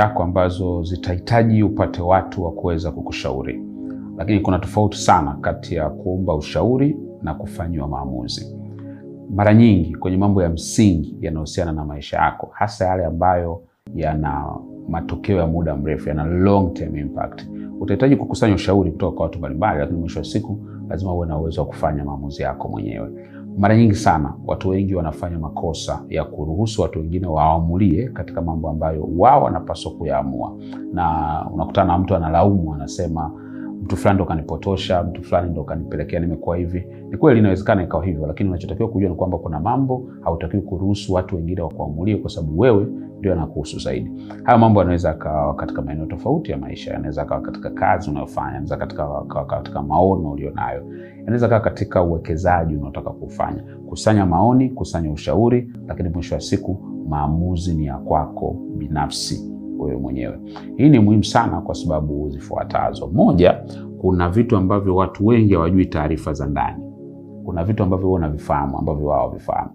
yako ambazo zitahitaji upate watu wa kuweza kukushauri, lakini kuna tofauti sana kati ya kuomba ushauri na kufanyiwa maamuzi. Mara nyingi kwenye mambo ya msingi yanayohusiana na maisha yako, hasa yale ambayo yana matokeo ya muda mrefu, yana long term impact, utahitaji kukusanya ushauri kutoka kwa watu mbalimbali, lakini mwisho wa siku lazima uwe na uwezo wa kufanya maamuzi yako mwenyewe. Mara nyingi sana watu wengi wanafanya makosa ya kuruhusu watu wengine waamulie katika mambo ambayo wao wanapaswa kuyaamua, na unakutana na mtu analaumu, anasema mtu fulani ndo kanipotosha, mtu fulani ndo kanipelekea nimekuwa hivi. Ni kweli inawezekana ikawa hivyo, lakini unachotakiwa kujua ni kwamba kuna mambo hautakiwi kuruhusu watu wengine wakuamulie, kwa sababu wewe ndio anakuhusu zaidi. Haya mambo yanaweza akawa katika maeneo tofauti ya maisha, yanaweza akawa katika kazi unayofanya, yanaweza katika, katika maono ulionayo, yanaweza kawa katika uwekezaji unaotaka kufanya. Kusanya maoni, kusanya ushauri, lakini mwisho wa siku maamuzi ni ya kwako binafsi wewe mwenyewe. Hii ni muhimu sana kwa sababu zifuatazo. Moja, kuna vitu ambavyo watu wengi hawajui taarifa za ndani. Kuna vitu ambavyo wewe unavifahamu ambavyo wao vifahamu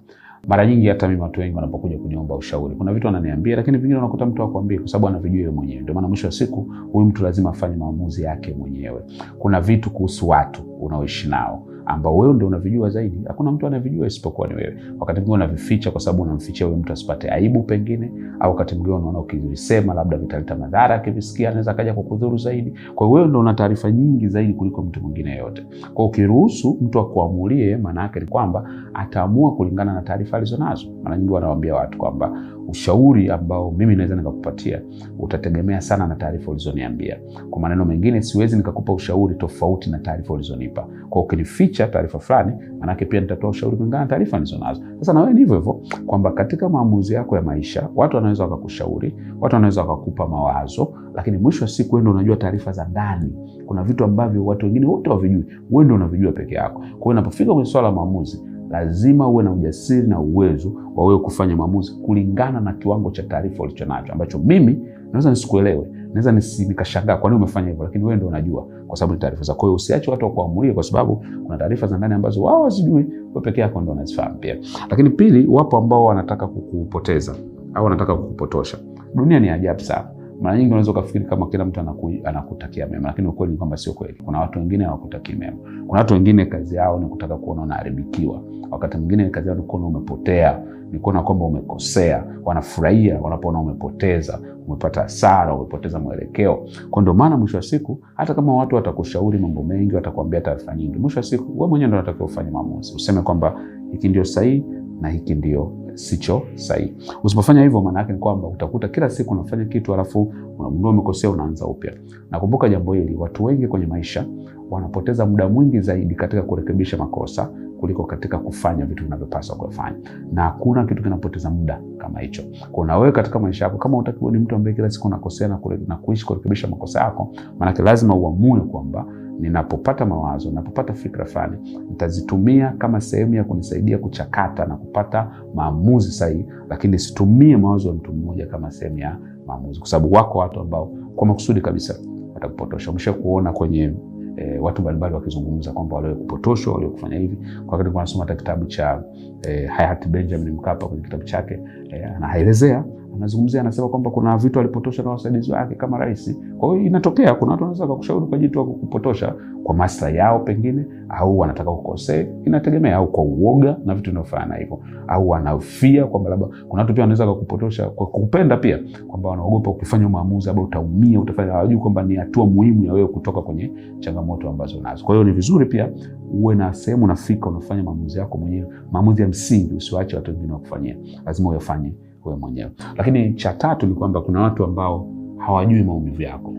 Mara nyingi hata mimi watu wengi wanapokuja kuniomba ushauri, kuna vitu wananiambia, lakini vingine unakuta mtu hakwambii kwa sababu anavijua yeye mwenyewe. Ndio maana mwisho wa siku huyu mtu lazima afanye maamuzi yake mwenyewe. Kuna vitu kuhusu watu unaoishi nao ambao wewe ndio unavijua zaidi. Hakuna mtu anavijua isipokuwa ni wewe. Wakati mwingine unavificha kwa sababu unamfichia huyo mtu asipate aibu pengine, au wakati mwingine unaona ukivisema labda vitaleta madhara, akivisikia anaweza kaja kukudhuru zaidi. Kwa hiyo wewe ndio una taarifa nyingi zaidi kuliko mtu mwingine yote. Kwa hiyo ukiruhusu mtu akuamulie, maana yake ni kwamba ataamua kulingana na taarifa alizonazo. Mara nyingi wanawaambia watu kwamba ushauri ambao mimi naweza nikakupatia utategemea sana na taarifa ulizoniambia. Kwa maneno mengine, siwezi nikakupa ushauri tofauti na taarifa ulizonipa. Kwa hiyo ukinificha kuficha taarifa fulani, manake pia nitatoa ushauri kulingana na taarifa nilizonazo. Sasa na wewe ni hivyo hivyo, kwamba katika maamuzi yako ya maisha watu wanaweza wakakushauri, watu wanaweza wakakupa mawazo, lakini mwisho wa siku wewe ndio unajua taarifa za ndani. Kuna vitu ambavyo watu wengine wote wavijui, wewe ndio unavijua peke yako. Kwa hiyo unapofika kwenye swala la maamuzi lazima uwe na ujasiri na uwezo wa wewe kufanya maamuzi kulingana na kiwango cha taarifa ulichonacho, ambacho mimi naweza nisikuelewe naweza nikashangaa kwa nini umefanya hivyo, lakini wewe ndio unajua, kwa sababu ni taarifa zako. Kwa hiyo usiache watu wakuamulie, kwa sababu kuna taarifa za ndani ambazo wao wazijui, wewe peke yako ndio unazifahamu pia. Lakini pili, wapo ambao wanataka kukupoteza au wanataka kukupotosha. Dunia ni ajabu sana. Mara nyingi unaweza ukafikiri kama kila mtu anaku, anakutakia mema, lakini ukweli ni kwamba sio kweli. Kuna watu wengine hawakutakii mema. Kuna watu wengine kazi yao ni kutaka kuona unaharibikiwa, wakati mwingine kazi yao ni kuona umepotea, ni kuona kwamba umekosea. Wanafurahia wanapoona umepoteza, umepata hasara, umepoteza mwelekeo. Kwa ndio maana mwisho wa siku, hata kama watu watakushauri mambo mengi, watakuambia taarifa nyingi, mwisho wa siku wewe mwenyewe ndio unatakiwa ufanye maamuzi, useme kwamba hiki ndio sahihi na hiki ndio sicho sahihi. Usipofanya hivyo, maana yake ni kwamba utakuta kila siku unafanya kitu alafu unagundua umekosea, unaanza upya. Nakumbuka jambo hili, watu wengi kwenye maisha wanapoteza muda mwingi zaidi katika kurekebisha makosa kuliko katika kufanya vitu vinavyopaswa kufanya, na hakuna kitu kinapoteza muda kama hicho. Kwa na wewe katika maisha yako, kama unataka ni mtu ambaye kila siku unakosea na kuishi kurekebisha makosa yako, maana lazima uamue kwamba ninapopata mawazo, ninapopata fikra fulani, nitazitumia kama sehemu ya kunisaidia kuchakata na kupata maamuzi sahihi, lakini situmie mawazo ya mtu mmoja kama sehemu ya maamuzi, kwa sababu wako watu ambao kwa makusudi kabisa watakupotosha. Umesha kuona kwenye E, watu mbalimbali wakizungumza kwamba wale kupotoshwa kufanya hivi. Kwa wakati nasoma hata kitabu cha e, hayati Benjamin Mkapa kwenye kitabu chake e, anaelezea anazungumzia anasema kwamba kuna vitu alipotosha na wasaidizi wake kama rais. Kwa hiyo inatokea kuna watu wanaweza kukushauri kwa jitu kupotosha kwa maslahi yao pengine, au wanataka kukosea, inategemea, au kwa uoga na vitu vinavyofanana hivyo, au wanafia kwamba labda kuna watu pia wanaweza kukupotosha kwa kupenda pia, kwamba wanaogopa ukifanya maamuzi labda utaumia, utafanya, hawajui kwamba ni hatua muhimu ya wewe kutoka kwenye changamoto ambazo unazo. Kwa hiyo ni vizuri pia uwe na sehemu nafika unafanya maamuzi yako mwenyewe, maamuzi ya msingi, usiwaache watu wengine wakufanyia, lazima uyafanye wewe mwenyewe. Lakini cha tatu ni kwamba kuna watu ambao hawajui maumivu yako.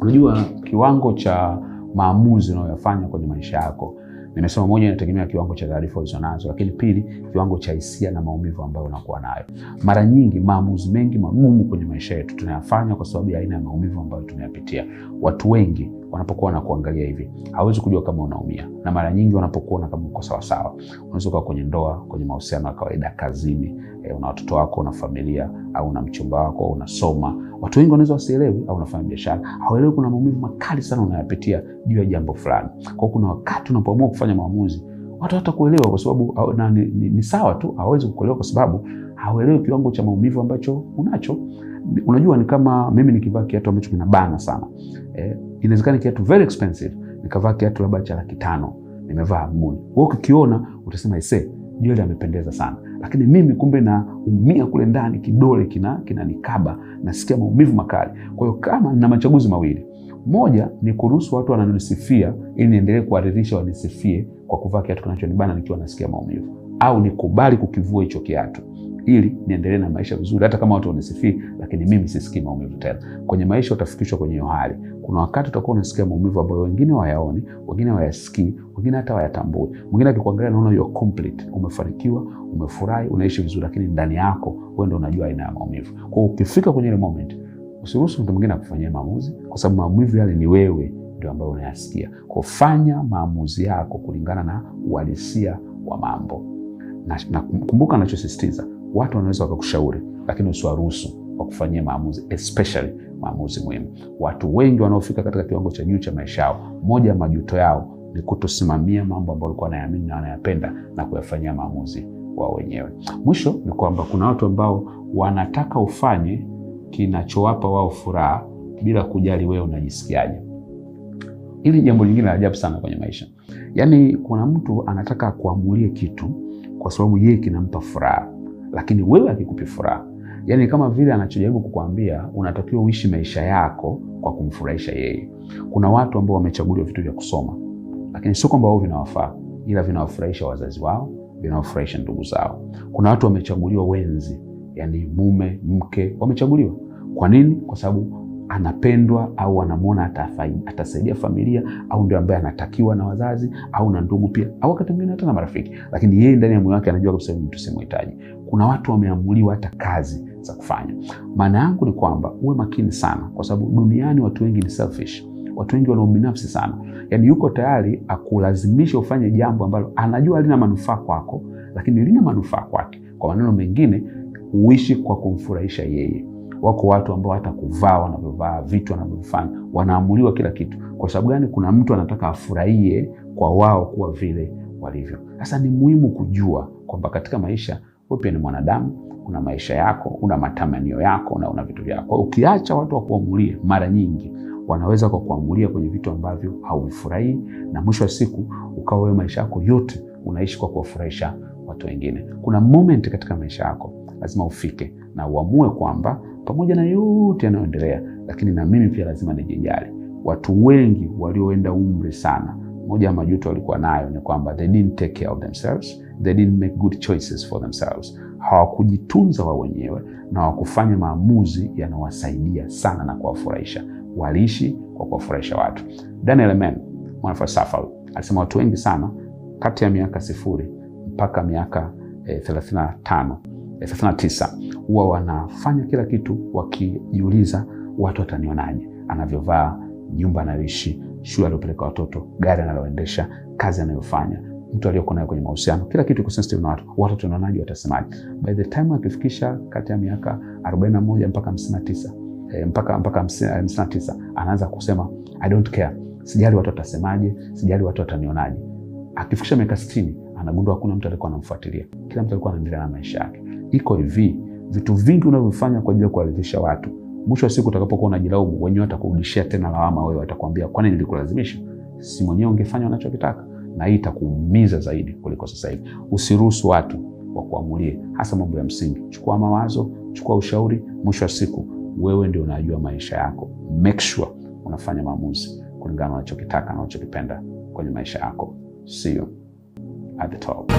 Unajua kiwango cha maamuzi unayoyafanya kwenye maisha yako Nimesema moja, inategemea kiwango cha taarifa ulizonazo, lakini pili, kiwango cha hisia na maumivu ambayo unakuwa nayo. Mara nyingi maamuzi mengi magumu kwenye maisha yetu tunayafanya kwa sababu ya aina ya maumivu ambayo tunayapitia. Watu wengi wanapokuwa na kuangalia hivi hawezi kujua kama unaumia, na mara nyingi wanapokuona kama uko sawasawa, unaweza ukawa kwenye ndoa, kwenye mahusiano ya kawaida, kazini, e, una watoto wako, una familia au una mchumba wako, unasoma. Watu wengi wanaweza wasielewi, au unafanya biashara, hawaelewi kuna maumivu makali sana unayapitia juu ya jambo fulani. Kwa hiyo kuna wakati unapoamua kufanya maamuzi, watu hawatakuelewa kwa sababu na, ni, ni, ni sawa tu, hawawezi kukuelewa kwa sababu hawaelewi kiwango cha maumivu ambacho unacho. Unajua, ni kama mimi nikivaa kiatu ambacho kinabana sana eh, inawezekana kiatu very expensive, nikavaa kiatu labda cha laki tano nimevaa mguuni, wewe ukikiona utasema ise Joel amependeza sana, lakini mimi kumbe naumia kule ndani, kidole kina kinanikaba, nasikia maumivu makali. Kwa hiyo kama na machaguzi mawili moja ni kuruhusu watu wananisifia ili niendelee kuwaridhisha wanisifie kwa kuvaa kiatu kinachonibana nikiwa nasikia maumivu, au nikubali kukivua hicho kiatu ili niendelee na maisha vizuri, hata kama watu wanisifii, lakini mimi sisikii maumivu tena. Kwenye maisha utafikishwa kwenye hiyo hali. Kuna wakati utakuwa unasikia maumivu ambayo wengine wayaoni, wengine wayasikii, wengine hata wayatambui. Mwingine akikuangalia naona you complete, umefanikiwa, umefurahi, unaishi vizuri, lakini ndani yako wewe ndio unajua aina ya maumivu. Kwa hiyo ukifika kwenye ile moment Usiruhusu mtu mwingine akufanyia maamuzi, kwa sababu maumivu yale ni wewe ndio ambayo unayasikia. Kufanya maamuzi yako kulingana na uhalisia wa mambo na, na kumbuka anachosisitiza, watu wanaweza wakakushauri, lakini usiwaruhusu wakufanyia maamuzi, especially maamuzi muhimu. Watu wengi wanaofika katika kiwango cha juu cha maisha yao, moja ya majuto yao ni kutosimamia mambo ambayo walikuwa wanayaamini na wanayapenda na kuyafanyia maamuzi wao wenyewe. Mwisho ni kwamba kuna watu ambao wanataka ufanye kinachowapa wao furaha bila kujali wewe unajisikiaje. Hili jambo lingine la ajabu sana kwenye maisha, yaani kuna mtu anataka kuamulie kitu kwa sababu yeye kinampa furaha, lakini wewe akikupi furaha. Yaani kama vile anachojaribu kukuambia, unatakiwa uishi maisha yako kwa kumfurahisha yeye. Kuna watu ambao wamechaguliwa vitu vya kusoma, lakini sio kwamba wao vinawafaa, ila vinawafurahisha wazazi wao, vinawafurahisha ndugu zao. Kuna watu wamechaguliwa wenzi yani mume, mke wamechaguliwa. Kwa nini? Kwa sababu anapendwa au anamwona atasaidia familia au ndio ambaye anatakiwa na wazazi au na ndugu pia au wakati mwingine hata na marafiki, lakini yeye ndani ya moyo wake anajua kabisa mtu si mhitaji. Kuna watu wameamuliwa hata kazi za kufanya. Maana yangu ni kwamba uwe makini sana, kwa sababu duniani watu wengi ni selfish. Watu wengi wana ubinafsi sana, yani yuko tayari akulazimisha ufanye jambo ambalo anajua halina manufaa kwako, lakini lina manufaa kwake. Kwa maneno mengine uishi kwa kumfurahisha yeye. Wako watu ambao hata kuvaa wanavyovaa, vitu wanavyofanya, wanaamuliwa kila kitu. Kwa sababu gani? Kuna mtu anataka afurahie kwa wao kuwa vile walivyo. Sasa ni muhimu kujua kwamba katika maisha wewe pia ni mwanadamu, una maisha yako, una matamanio yako na una vitu vyako. Ukiacha watu wakuamulie, mara nyingi wanaweza kwa kuamulia kwenye vitu ambavyo hauvifurahii, na mwisho wa siku ukawa wewe maisha yako yote unaishi kwa kuwafurahisha watu wengine. Kuna moment katika maisha yako lazima ufike na uamue kwamba pamoja na yote yanayoendelea, lakini na mimi pia lazima nijijali. Watu wengi walioenda umri sana, moja ya majuto walikuwa nayo ni kwamba they didn't take care of themselves, they didn't make good choices for themselves. Hawakujitunza wao wenyewe na hawakufanya maamuzi yanawasaidia sana na kuwafurahisha, waliishi kwa kuwafurahisha watu. Daniel Amen, mwanafalsafa, alisema watu wengi sana kati ya miaka sifuri mpaka miaka eh, 35 39 huwa wanafanya kila kitu wakijiuliza watu watanionaje, anavyovaa, nyumba anayoishi, shule aliyopeleka watoto, gari analoendesha, kazi anayofanya, mtu aliyoko naye kwenye mahusiano, kila kitu iko sensitive na watu. Watu tunaonaje, watasemaje? By the time akifikisha kati ya miaka 41 mpaka 59 eh, mpaka mpaka 59 eh, anaanza kusema I don't care, sijali watu watasemaje, sijali watu watanionaje. Akifikisha miaka 60 anagundua hakuna mtu alikuwa anamfuatilia, kila mtu alikuwa anaendelea na maisha yake. Iko hivi, vitu vingi unavyofanya kwa ajili ya kuwaridhisha watu, mwisho wa siku utakapokuwa unajilaumu wenyewe, watakurudishia tena lawama wewe, watakwambia kwani nilikulazimisha? Si mwenyewe ungefanya unachokitaka? Na hii itakuumiza zaidi kuliko sasa hivi. Usiruhusu watu wakuamulie, hasa mambo ya msingi. Chukua mawazo, chukua ushauri. Mwisho wa siku wewe ndio unajua maisha yako. Make sure unafanya maamuzi kulingana na unachokitaka na unachokipenda kwenye maisha yako, sio at the top.